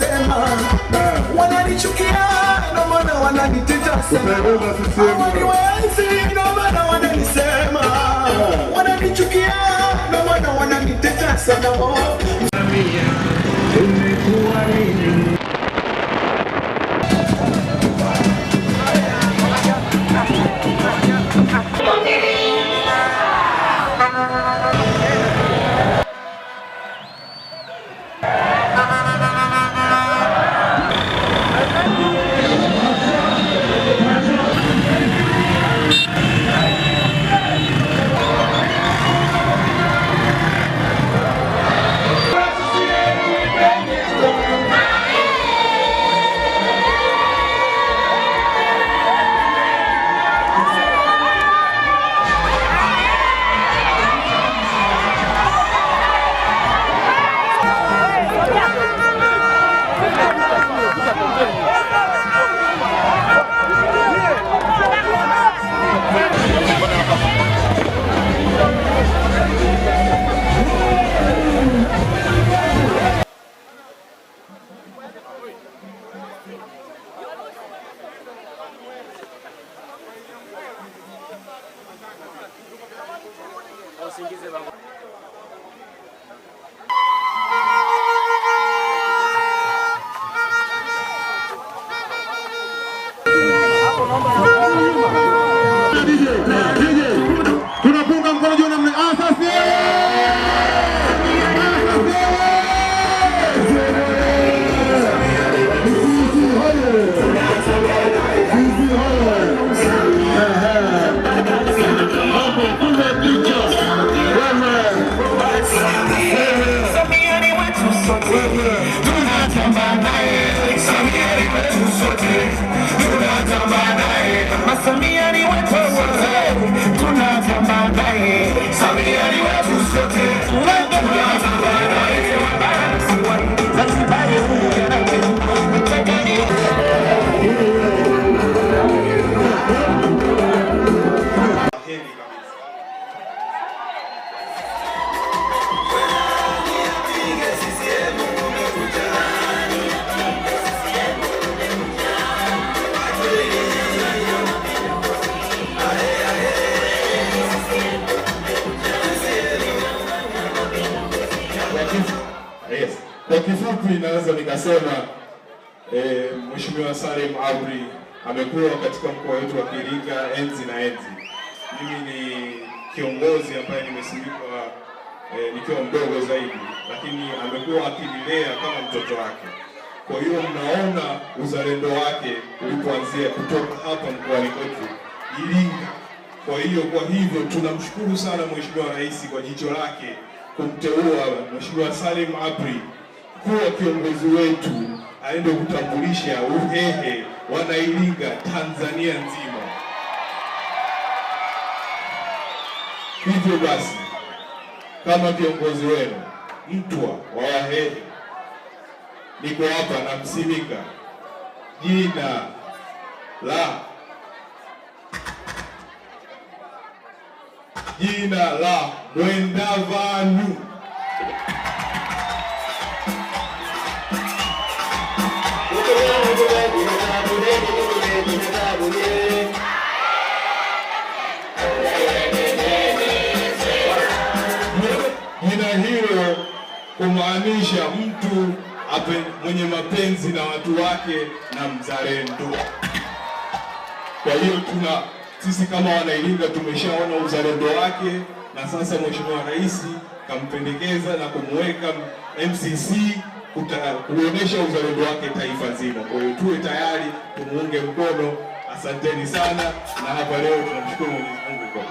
wanasema wananichukia, ndio maana wananitetea sana 8-8 var. DJ, wote tunatamba naye, Masamia ni wetu wote tunatamba naye, Samia ni wetu sote tunatamba Yes. Kwa kifupi naweza nikasema eh, Mheshimiwa Salim Amri amekuwa katika mkoa wetu wa Iringa enzi na enzi. Mimi ni kiongozi ambaye nimesimikwa eh, nikiwa mdogo zaidi, lakini amekuwa akinilea kama mtoto wake. Kwa hiyo mnaona uzalendo wake ulipoanzia kutoka hapa mkoani kwetu Iringa. Kwa hiyo kwa hivyo tunamshukuru sana Mheshimiwa Rais kwa jicho lake kumteua Mheshimiwa Salim Abri kuwa kiongozi wetu aende kutambulisha uhehe wanailinga Tanzania nzima. Hivyo basi, kama viongozi wenu mtwa wa Wahehe, niko hapa namsimika jina la jina la Mwendavanu. Jina hilo kumaanisha mtu ape, mwenye mapenzi na watu wake na mzalendo. Kwa hiyo tuna sisi kama Wanairinga tumeshaona uzalendo wake, na sasa Mheshimiwa Rais kampendekeza na kumweka MCC kuonesha uzalendo wake taifa zima. Kwa hiyo tuwe tayari tumuunge mkono. Asanteni sana, na hapa leo tunamshukuru Mwenyezi Mungu kwa